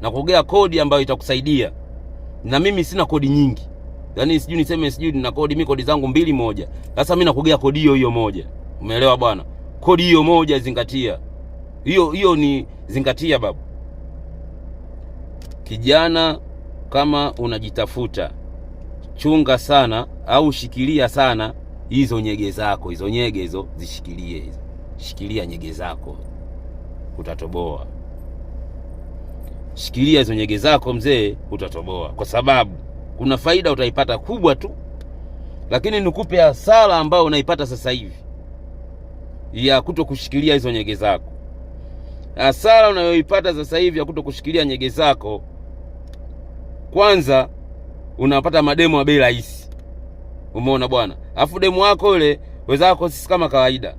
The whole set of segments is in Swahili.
na kuongea kodi ambayo itakusaidia. Na mimi sina kodi nyingi, yaani sijui niseme sijui nina kodi mimi, kodi zangu mbili moja. Sasa mimi nakugea kodi hiyo hiyo moja, umeelewa bwana? Kodi hiyo moja, zingatia hiyo hiyo, ni zingatia babu. Kijana, kama unajitafuta, chunga sana au shikilia sana hizo nyege zako, hizo nyege hizo zishikilie, hizo shikilia nyege zako, utatoboa shikilia hizo nyege zako mzee, utatoboa, kwa sababu kuna faida utaipata kubwa tu, lakini nikupe hasara ambayo unaipata sasa hivi ya kuto kushikilia hizo nyege zako. Hasara unayoipata sasa hivi ya kuto kushikilia nyege zako, kwanza unapata mademo wa bei rahisi. Umeona bwana, afu demu wako ile wezako sisi kama kawaida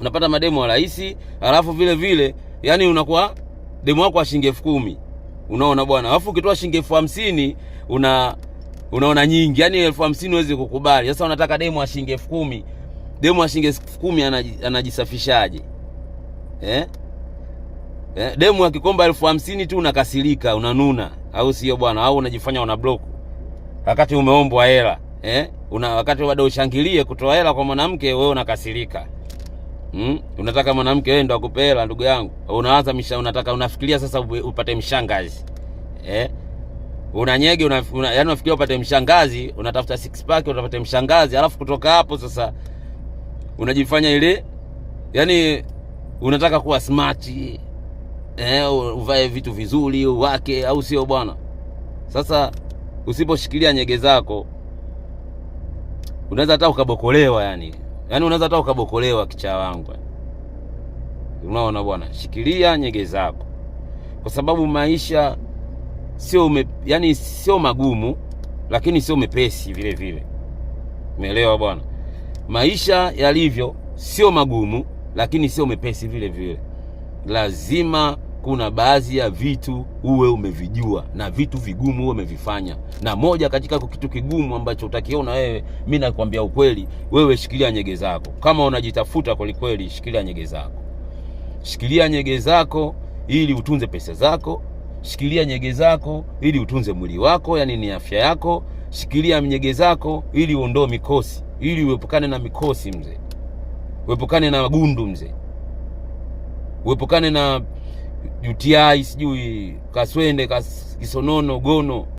unapata mademo wa rahisi, alafu vile vile yani unakuwa demu wako wa shilingi elfu kumi unaona bwana, alafu ukitoa shilingi elfu hamsini una unaona nyingi, yaani elfu hamsini huwezi kukubali. Sasa unataka demu wa shilingi elfu kumi demu wa shilingi elfu kumi anajisafishaje? eh? Eh, demu akikomba elfu hamsini tu unakasirika, unanuna, au sio bwana? Au unajifanya una block wakati umeombwa hela eh? Una wakati bado ushangilie kutoa hela kwa mwanamke, wewe unakasirika. Mm? Unataka mwanamke wewe ndo akupela ndugu yangu. Unawaza misha unataka unafikiria sasa upate mshangazi. Eh? Unanyege una, una, yani unafikiria upate mshangazi, unatafuta six pack unapata mshangazi, alafu kutoka hapo sasa unajifanya ile yani unataka kuwa smart. Eh, uvae vitu vizuri wake au sio bwana? Sasa usiposhikilia nyege zako unaweza hata ukabokolewa yani yaani unaweza hata ukabokolewa kichaa wangu. Unaona bwana, shikilia nyege zako, kwa sababu maisha sio ume, yani sio magumu, lakini sio mepesi vile vile. Umeelewa bwana? Maisha yalivyo sio magumu, lakini sio mepesi vile vile, lazima kuna baadhi ya vitu uwe umevijua na vitu vigumu uwe umevifanya, na moja katika kitu kigumu ambacho utakiona wewe, mi nakwambia ukweli, wewe shikilia nyege zako. Kama unajitafuta kwelikweli, shikilia nyege zako, shikilia nyege zako ili utunze pesa zako, shikilia nyege zako ili utunze mwili wako, yani ni afya yako, shikilia nyege zako ili uondoe mikosi, ili uepukane na mikosi mzee, uepukane na gundu mzee, uepukane na UTI sijui Kaswende, Kisonono, Gono.